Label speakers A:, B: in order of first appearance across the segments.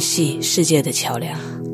A: 係世界的橋樑，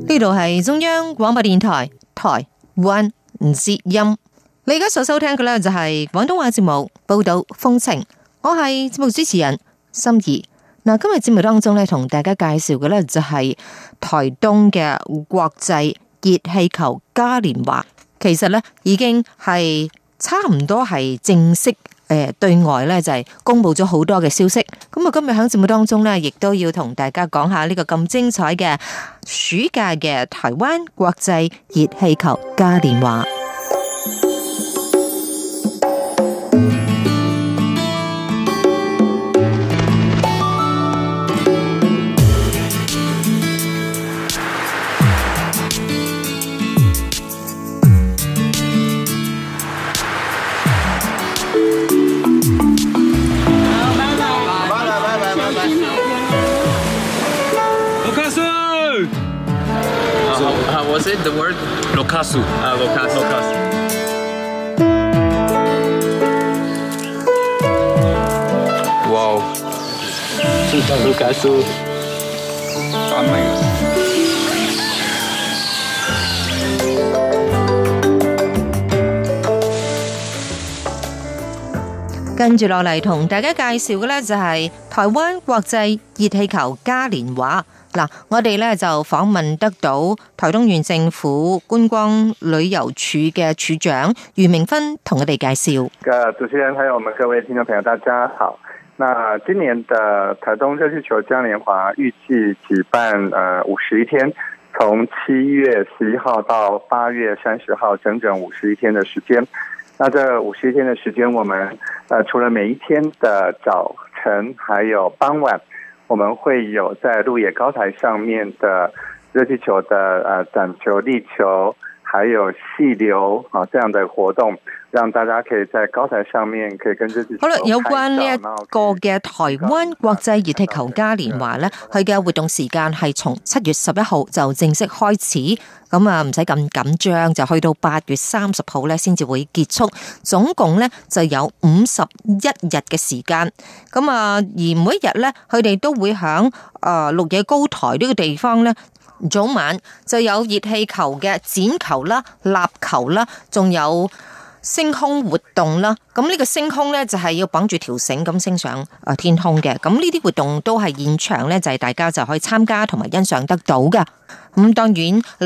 A: 呢度係中央廣播電台台灣唔接音，你而家所收聽嘅呢，就係廣東話節目報道風情。我係節目主持人心儀嗱，今日節目當中咧同大家介紹嘅呢，就係台東嘅國際熱氣球嘉年華。其實呢，已經係差唔多係正式。誒，對外咧就係公佈咗好多嘅消息。咁啊，今日喺節目當中咧，亦都要同大家講下呢個咁精彩嘅暑假嘅台灣國際熱氣球嘉年華。
B: 係啊，同埋，
A: 跟住落嚟同大家介紹嘅呢就係台灣國際熱氣球嘉年華。嗱，我哋呢就訪問得到台東縣政府觀光旅遊處嘅處長余明芬，同我哋介紹。
B: 誒，主持人，還有我們各位聽眾朋友，大家好。那今年的台東熱氣球嘉年華預計舉辦呃五十一天，從七月十一號到八月三十號，整整五十一天的時間。那這五十一天的時間，我們呃除了每一天的早晨，還有傍晚，我們會有在鹿野高台上面的熱氣球的呃展球、立球，還有繫留啊這樣的活動。讓大家可以在高台上面，可以
A: 跟住自己。好啦，有關呢一個嘅台灣國際熱氣球嘉年華咧，佢嘅活動時間係從七月十一號就正式開始，咁啊唔使咁緊張，就去到八月三十號咧先至會結束，總共咧就有五十一日嘅時間。咁啊，而每一日咧，佢哋都會響誒綠野高台呢個地方咧，早晚就有熱氣球嘅展球啦、立球啦，仲有。星空活動啦，咁呢個星空咧就係要綁住條繩咁升上誒天空嘅，咁呢啲活動都係現場咧就係大家就可以參加同埋欣賞得到㗎，咁當然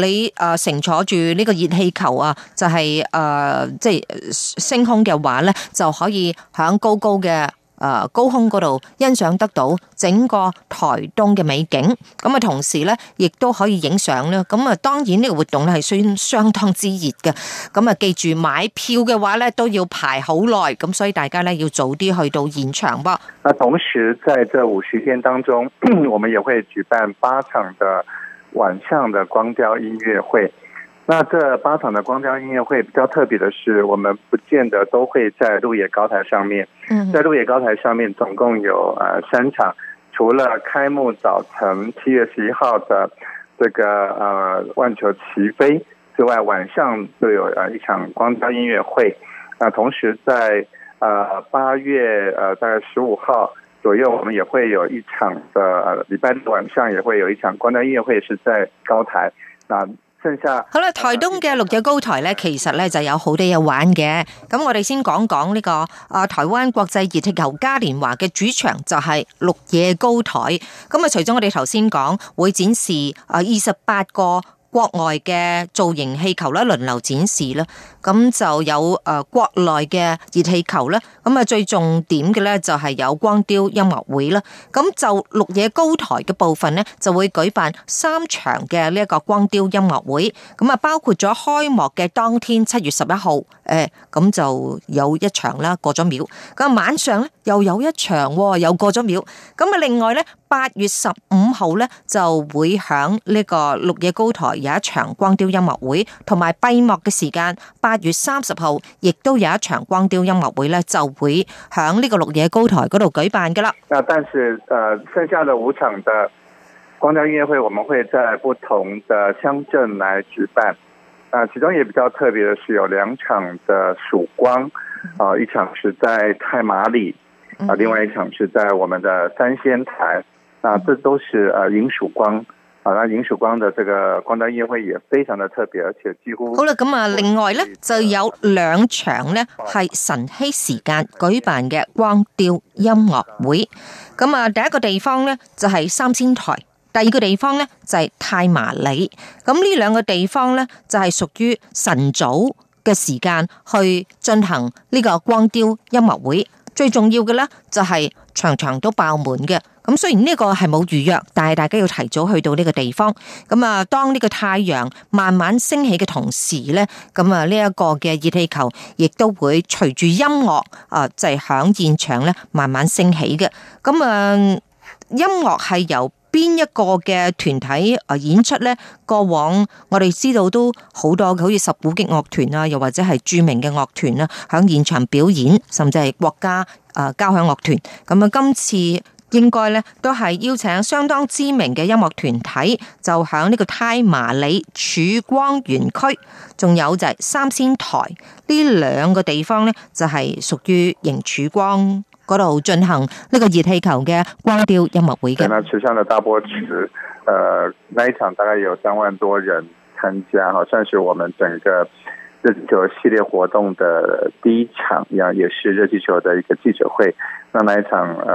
A: 你誒、呃、乘坐住呢個熱氣球啊，就係誒即係升空嘅話咧，就可以響高高嘅。啊、高空嗰度欣賞得到整個台東嘅美景，咁啊同時呢亦都可以影相呢。咁啊當然呢個活動呢係相當之熱嘅，咁啊記住買票嘅話呢都要排好耐，咁所以大家呢要早啲去到現場噃。
B: 那同時在這五十天當中，我們也會舉辦八場的晚上的光雕音樂會。那這八場的光雕音樂會比較特別的是，我們不見得都會在鹿野高台上面。嗯，在鹿野高台上面總共有呃三場，除了開幕早晨七月十一號的這個呃萬球齊飛之外，晚上就有呃一場光雕音樂會。那同時在呃八月呃大概十五號左右，我們也會有一場的呃禮拜六晚上也會有一場光雕音樂會是在高台。那
A: 好啦，台東嘅綠野高台咧，其實咧就有好多嘢玩嘅。咁我哋先講講呢個啊，台灣國際熱氣球嘉年華嘅主場就係綠野高台。咁啊，除咗我哋頭先講會展示啊二十八個。國外嘅造型氣球咧輪流展示啦，咁就有誒國內嘅熱氣球啦，咁啊最重點嘅咧就係有光雕音樂會啦，咁就鹿野高台嘅部分咧就會舉辦三場嘅呢一個光雕音樂會，咁啊包括咗開幕嘅當天七月十一號，誒咁就有一場啦過咗廟，咁晚上咧又有一場又過咗廟，咁啊另外咧八月十五號咧就會響呢個鹿野高台有一場光雕音樂會同埋閉幕嘅時間，八月三十號亦都有一場光雕音樂會呢就會響呢個鹿野高台嗰度舉辦噶
B: 啦。但是誒、呃，剩下的五場的光雕音樂會，我們會在不同的鄉鎮來舉辦。啊、呃，其中也比較特別嘅，是有兩場的曙光，啊、呃，一場是在太麻里，啊、呃，另外一場是在我們的三仙台。啊、呃嗯，這都是誒，呃、迎曙光。好啦，尹曙光的這個光雕音樂會也非常的特別，而且幾乎好啦。
A: 咁啊，另外呢就有兩場呢係晨曦時間舉辦嘅光雕音樂會。咁啊，第一個地方呢就係三仙台，第二個地方呢就係太麻里。咁呢兩個地方呢就係屬於晨早嘅時間去進行呢個光雕音樂會。最重要嘅咧就係場場都爆滿嘅，咁雖然呢個係冇預約，但係大家要提早去到呢個地方。咁啊，當呢個太陽慢慢升起嘅同時咧，咁啊呢一個嘅熱氣球亦都會隨住音樂啊，就係響現場咧慢慢升起嘅。咁啊，音樂係由。邊一個嘅團體啊演出呢？過往我哋知道都好多，好似十鼓擊樂團啊，又或者係著名嘅樂團啊，響現場表演，甚至係國家誒交響樂團。咁啊，今次應該呢，都係邀請相當知名嘅音樂團體，就響呢個太麻里曙光園區，仲有就係三仙台呢兩個地方呢，就係屬於迎曙光。嗰度進行呢個熱氣球嘅光雕音樂會嘅。
B: 那次大波池，那一場大概有三萬多人參加，好，算是我們整個熱氣球系列活動的第一場，一樣也是熱氣球的一個記者會。那那一場，誒，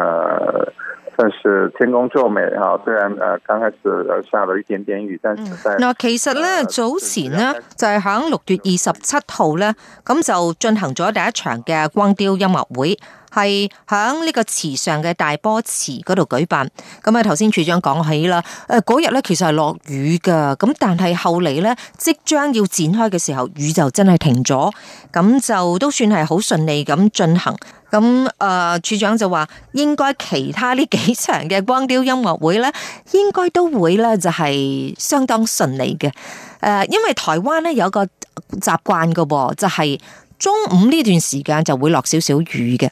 B: 算是天公作美，哈，雖然誒剛開始下了一點點雨，但是在其
A: 實呢，早前呢，就係喺六月二十七號呢，咁就進行咗第一場嘅光雕音樂會。係喺呢個池上嘅大波池嗰度舉辦，咁啊頭先處長講起啦，誒嗰日咧其實係落雨噶，咁但係後嚟咧即將要展開嘅時候，雨就真係停咗，咁就都算係好順利咁進行。咁誒，處長就話應該其他呢幾場嘅光雕音樂會咧，應該都會咧就係相當順利嘅。誒，因為台灣咧有個習慣喎，就係、是。中午呢段時間就會落少少雨嘅，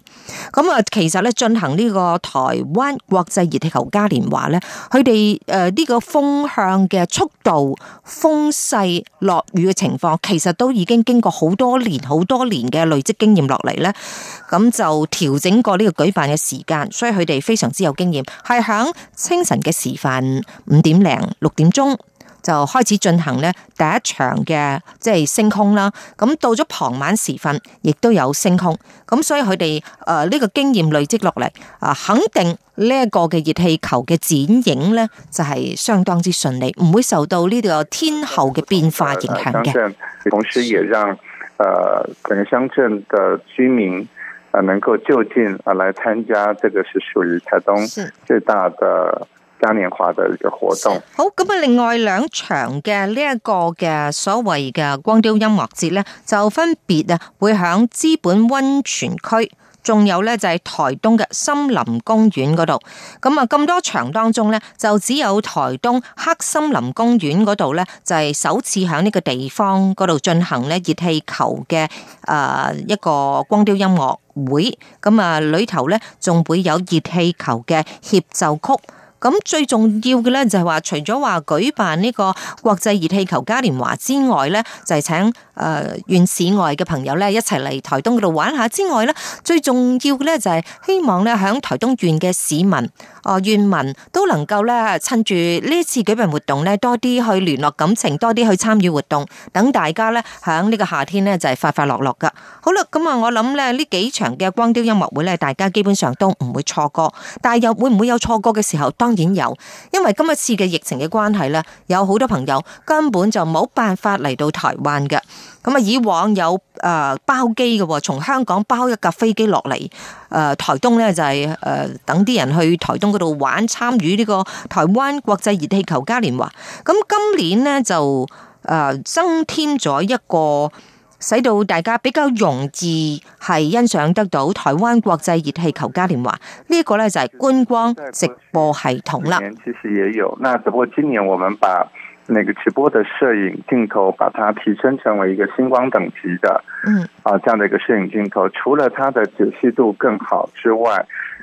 A: 咁啊，其實咧進行呢個台灣國際熱氣球嘉年華咧，佢哋誒呢個風向嘅速度、風勢、落雨嘅情況，其實都已經經過好多年、好多年嘅累積經驗落嚟咧，咁就調整過呢個舉辦嘅時間，所以佢哋非常之有經驗，係響清晨嘅時分五點零六點鐘。就開始進行咧第一場嘅即係升空啦，咁到咗傍晚時分，亦都有升空，咁所以佢哋誒呢個經驗累積落嚟，啊肯定呢一個嘅熱氣球嘅展影咧就係相當之順利，唔會受到呢個天候嘅變化影響
B: 嘅。同時也讓誒本鄉鎮的居民啊能夠就近啊來參加，這個是屬於台東最大的。嘉年華的
A: 一個活動好，咁啊，咁另外兩場嘅呢一個嘅所謂嘅光雕音樂節呢，就分別啊會響資本溫泉區，仲有呢就係台東嘅森林公園嗰度。咁啊，咁多場當中呢，就只有台東黑森林公園嗰度呢，就係首次響呢個地方嗰度進行呢熱氣球嘅誒一個光雕音樂會。咁啊，裏頭呢仲會有熱氣球嘅協奏曲。咁最重要嘅咧就係話，除咗話舉辦呢個國際熱氣球嘉年華之外咧，就係請誒縣市外嘅朋友咧一齊嚟台東嗰度玩下之外咧，最重要嘅咧就係希望咧響台東縣嘅市民、哦縣民都能夠咧趁住呢次舉辦活動咧多啲去聯絡感情，多啲去參與活動，等大家咧響呢個夏天咧就係快快樂樂噶。好啦，咁啊，我諗咧呢幾場嘅光雕音樂會咧，大家基本上都唔會錯過，但係又會唔會有錯過嘅時候？當當然有，因為今一次嘅疫情嘅關係咧，有好多朋友根本就冇辦法嚟到台灣嘅。咁啊，以往有誒包機嘅，從香港包一架飛機落嚟誒台東咧，就係誒等啲人去台東嗰度玩，參與呢個台灣國際熱氣球嘉年華。咁今年咧就誒增添咗一個。使到大家比較容易係欣賞得到台灣國際熱氣球嘉年華，呢、這、一個呢，就係觀光直播系統啦。年其
B: 實也有，那不過今年我們把那個直播的攝影鏡頭把它提升成為一個星光等級的，嗯，啊，這樣的一個攝影鏡頭，除了它的解析度更好之外。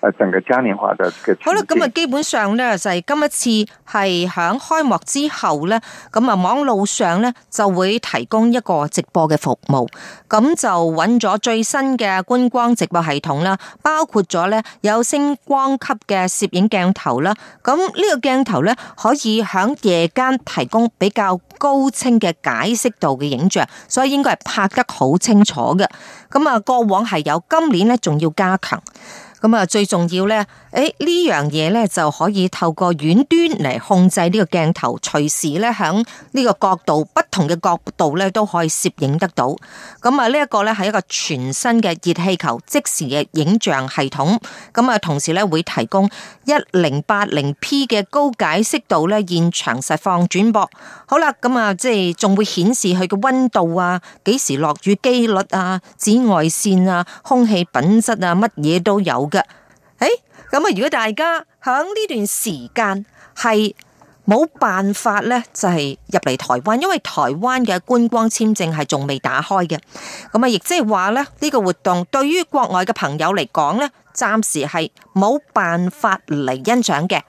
B: 誒，整個嘉年華的好啦，咁啊，
A: 基本上咧就係今一次係響開幕之後咧，咁啊網路上咧就會提供一個直播嘅服務，咁就揾咗最新嘅觀光直播系統啦，包括咗咧有星光級嘅攝影鏡頭啦，咁呢個鏡頭咧可以響夜間提供比較高清嘅解釋度嘅影像，所以應該係拍得好清楚嘅，咁啊過往係有，今年咧仲要加強。咁啊，最重要咧。誒、哎，呢樣嘢咧就可以透過遠端嚟控制呢個鏡頭，隨時咧響呢個角度不同嘅角度咧都可以攝影得到。咁、嗯、啊，呢、這、一個咧係一個全新嘅熱氣球即時嘅影像系統。咁、嗯、啊，同時咧會提供一零八零 P 嘅高解析度咧現場實況轉播。好啦，咁、嗯、啊，即係仲會顯示佢嘅溫度啊，幾時落雨機率啊，紫外線啊，空氣品質啊，乜嘢都有嘅。誒、哎。咁啊！如果大家喺呢段時間係冇辦法咧，就係入嚟台灣，因為台灣嘅觀光簽證係仲未打開嘅。咁啊，亦即係話咧，呢個活動對於國外嘅朋友嚟講咧，暫時係冇辦法嚟欣賞嘅。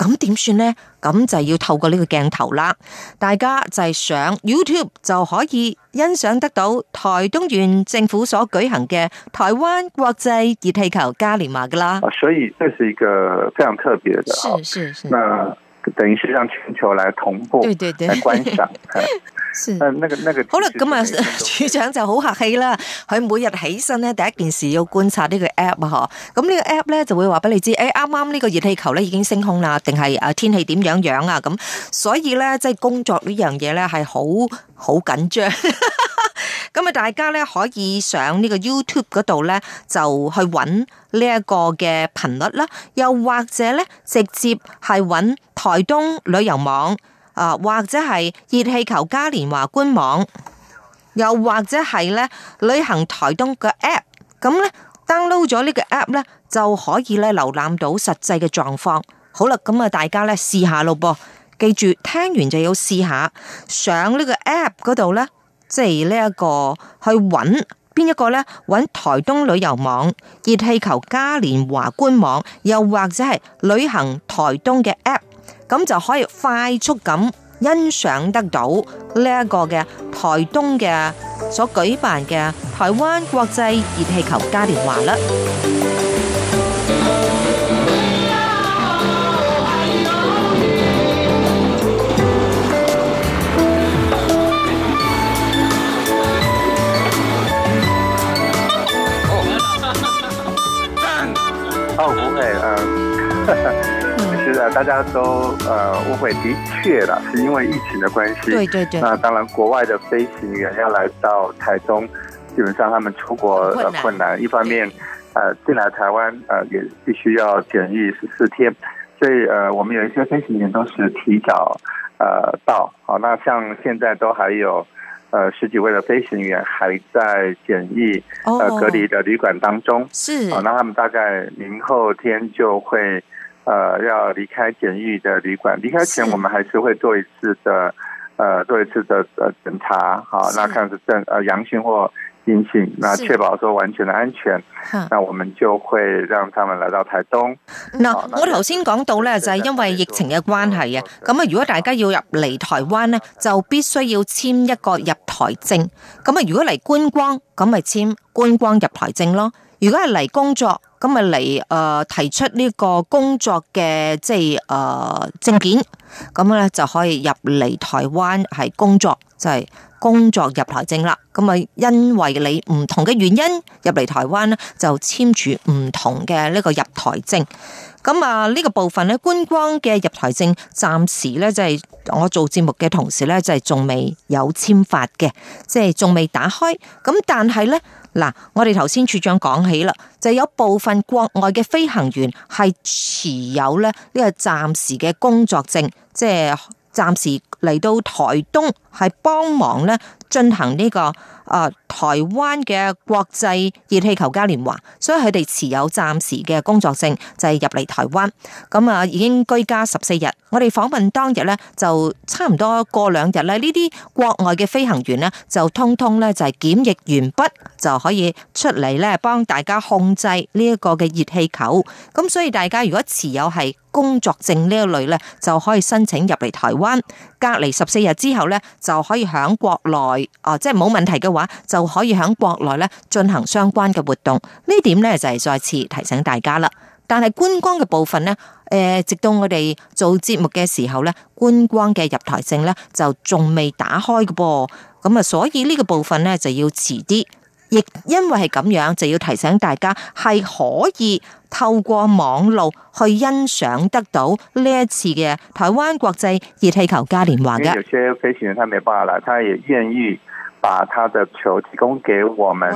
A: 咁點算呢？咁就要透過呢個鏡頭啦，大家就係上 YouTube 就可以欣賞得到台東縣政府所舉行嘅台灣國際熱氣球嘉年華噶啦。
B: 所以這是一個非常特別的，是是是，那等於是讓全球來同步，對對對，來觀賞。
A: 誒、嗯，那個那個、好啦，咁啊，處長就好客氣啦。佢 每日起身咧，第一件事要觀察呢個 app 嗬。咁呢個 app 咧就會話俾你知，誒、欸，啱啱呢個熱氣球咧已經升空啦，定係天氣點樣樣啊？咁所以咧，即、就、係、是、工作呢樣嘢咧係好好緊張。咁啊， 大家咧可以上呢個 YouTube 嗰度咧就去搵呢一個嘅頻率啦，又或者咧直接係搵台東旅遊網。啊，或者係熱氣球嘉年華官網，又或者係咧旅行台東嘅 app，咁咧 download 咗呢個 app 咧就可以咧瀏覽到實際嘅狀況。好啦，咁啊大家咧試下咯噃，記住聽完就要試下上呢個 app 嗰度咧，即係呢一個去搵邊一個咧搵台東旅遊網、熱氣球嘉年華官網，又或者係旅行台東嘅 app。咁就可以快速咁欣賞得到呢一個嘅台東嘅所舉辦嘅台灣國際熱氣球嘉年華啦。哦，
B: 唔該啊。是的，大家都呃誤會，的確了，是因為疫情的關係。對對對。那當然，國外的飛行員要來到台東，基本上他們出國困難，呃。困難。一方面，呃，進來台灣呃也必須要檢疫十四天，所以呃，我們有一些飛行員都是提早呃到。好，啊，那像現在都還有呃十幾位的飛行員還在檢疫，oh, 呃隔離的旅館當中。是。好，啊，那他們大概明後天就會。誒，要離開檢疫的旅館，離開前我們還是會做一次的，誒，做一次的，誒、呃，檢查，好、呃，那看是正，誒，陽性或陰性，那確保說完全的安全的，那我們就會讓他們來到台東。
A: 嗱，我頭先講到咧，就係因為疫情嘅關係啊，咁啊，如果大家要入嚟台灣咧，就必須要簽一個入台證，咁啊，如果嚟觀光，咁咪簽觀光入台證咯，如果係嚟工作。咁咪嚟誒提出呢個工作嘅即係誒證件，咁咧就可以入嚟台灣係工作，就係、是、工作入台證啦。咁啊，因為你唔同嘅原因入嚟台灣咧，就簽署唔同嘅呢個入台證。咁啊，呢個部分咧，觀光嘅入台證暫時咧就係、是。我做節目嘅同時咧，就係仲未有簽發嘅，即係仲未打開。咁但係咧，嗱，我哋頭先處長講起啦，就有部分國外嘅飛行員係持有咧呢個暫時嘅工作證，即係暫時嚟到台東係幫忙咧進行呢個。啊！台灣嘅國際熱氣球嘉年華，所以佢哋持有暫時嘅工作證就係入嚟台灣，咁啊，已經居家十四日。我哋訪問當日咧，就差唔多過兩日呢，呢啲國外嘅飛行員咧，就通通咧就係檢疫完畢就可以出嚟咧，幫大家控制呢一個嘅熱氣球。咁所以大家如果持有係工作證呢一類咧，就可以申請入嚟台灣隔離十四日之後咧，就可以響國內啊，即係冇問題嘅話。就可以響國內咧進行相關嘅活動，呢點咧就係再次提醒大家啦。但係觀光嘅部分呢，誒，直到我哋做節目嘅時候咧，觀光嘅入台證咧就仲未打開嘅噃，咁啊，所以呢個部分咧就要遲啲。亦因為係咁樣，就要提醒大家係可以透過網絡去欣賞得到呢一次嘅台灣國際熱氣球嘉年華
B: 嘅。把他的球提供給我們，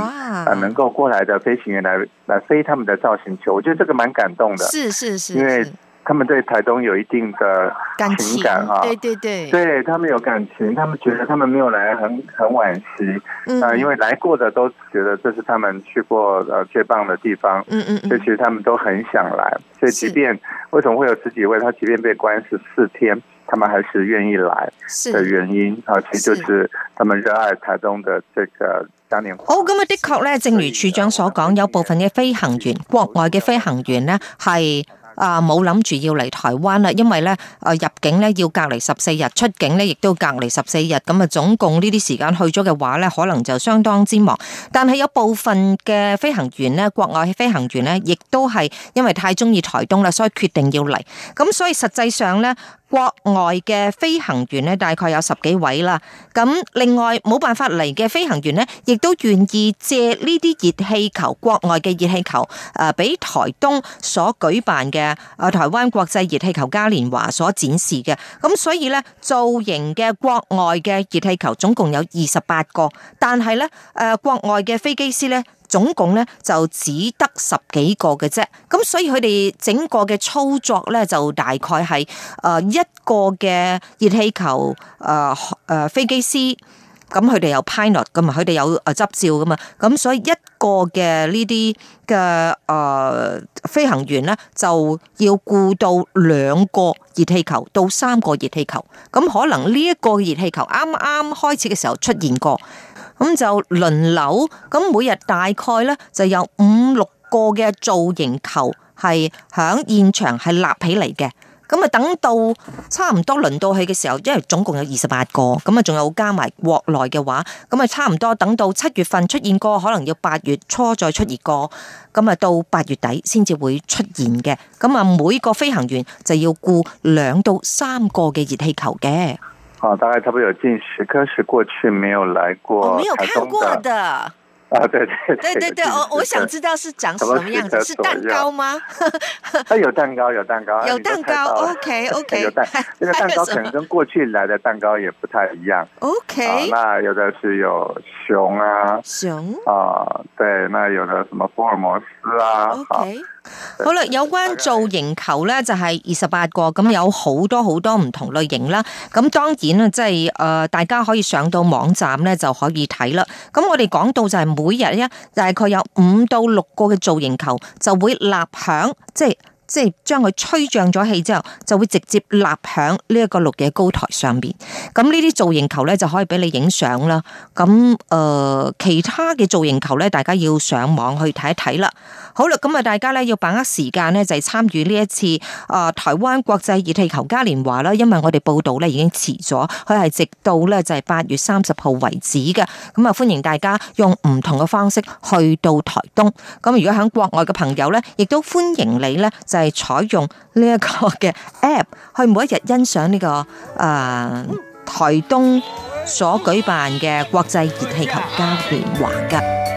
B: 呃，能夠過來的飛行員來來飛他們的造型球，我覺得這個蠻感動的。是是是，因為他們對台東有一定的情感，感情哦
A: 對對對，
B: 對，對他們有感情，嗯，他們覺得他們沒有來很很惋惜嗯，呃，因為來過的都覺得這是他們去過呃最棒的地方，嗯嗯，所以其實他們都很想來，所以即便為什麼會有十幾位他即便被關十四天。他們還是願意來的原因，其實就是他們熱愛台東的這個嘉年華。
A: 好咁啊，oh, 的確咧，正如處長所講，有部分嘅飛行員、國外嘅飛行員呢，係啊冇諗住要嚟台灣啦，因為咧啊入境咧要隔離十四日，出境咧亦都隔離十四日，咁啊總共呢啲時間去咗嘅話咧，可能就相當之忙。但係有部分嘅飛行員咧，國外嘅飛行員咧，亦都係因為太中意台東啦，所以決定要嚟。咁所以實際上咧。國外嘅飛行員呢，大概有十幾位啦。咁另外冇辦法嚟嘅飛行員呢，亦都願意借呢啲熱氣球，國外嘅熱氣球誒，俾台東所舉辦嘅誒台灣國際熱氣球嘉年華所展示嘅。咁所以呢，造型嘅國外嘅熱氣球總共有二十八個，但係呢誒，國外嘅飛機師呢，總共咧就只得十幾個嘅啫，咁所以佢哋整個嘅操作咧就大概係誒一個嘅熱氣球誒誒、呃呃、飛機師，咁佢哋有 pilot 噶嘛，佢哋有誒執照噶嘛，咁所以一個嘅呢啲嘅誒飛行員咧就要顧到兩個熱氣球到三個熱氣球，咁可能呢一個熱氣球啱啱開始嘅時候出現過。咁就輪流，咁每日大概咧就有五六個嘅造型球係響現場係立起嚟嘅。咁啊，等到差唔多輪到去嘅時候，因為總共有二十八個，咁啊，仲有加埋國內嘅話，咁啊，差唔多等到七月份出現過，可能要八月初再出現過。咁啊，就到八月底先至會出現嘅。咁啊，每個飛行員就要顧兩到三個嘅熱氣球嘅。
B: 啊、哦，大概差不多有近十顆，是過去沒有來過，我、哦、沒有看過的啊，對對對，對對我我想知道
A: 是長什麼樣子，是蛋糕嗎？蛋糕嗎、
B: 啊？有蛋糕，有蛋糕，有蛋糕，OK OK， 有蛋， 有這個蛋糕可能跟過去來的蛋糕也不太一樣
A: ，OK，、啊、那
B: 有的是有熊啊，熊啊，對，那有的什麼福爾摩斯啊
A: ，OK。好啦，有關造型球咧就係二十八個，咁有好多好多唔同類型啦。咁當然啦，即係誒，大家可以上到網站咧就可以睇啦。咁我哋講到就係每日咧大概有五到六個嘅造型球就會立響，即係。即係將佢吹脹咗氣之後，就會直接立響呢一個綠嘅高台上面。咁呢啲造型球咧，就可以俾你影相啦。咁誒、呃，其他嘅造型球咧，大家要上網去睇一睇啦。好啦，咁啊，大家咧要把握時間咧，就係參與呢一次誒、呃、台灣國際熱氣球嘉年華啦。因為我哋報道咧已經遲咗，佢係直到咧就係、是、八月三十號為止嘅。咁啊，歡迎大家用唔同嘅方式去到台東。咁如果響國外嘅朋友咧，亦都歡迎你咧。就係、是、採用呢一個嘅 App 去每一日欣賞呢、這個誒、呃、台東所舉辦嘅國際熱氣球嘉年華㗎。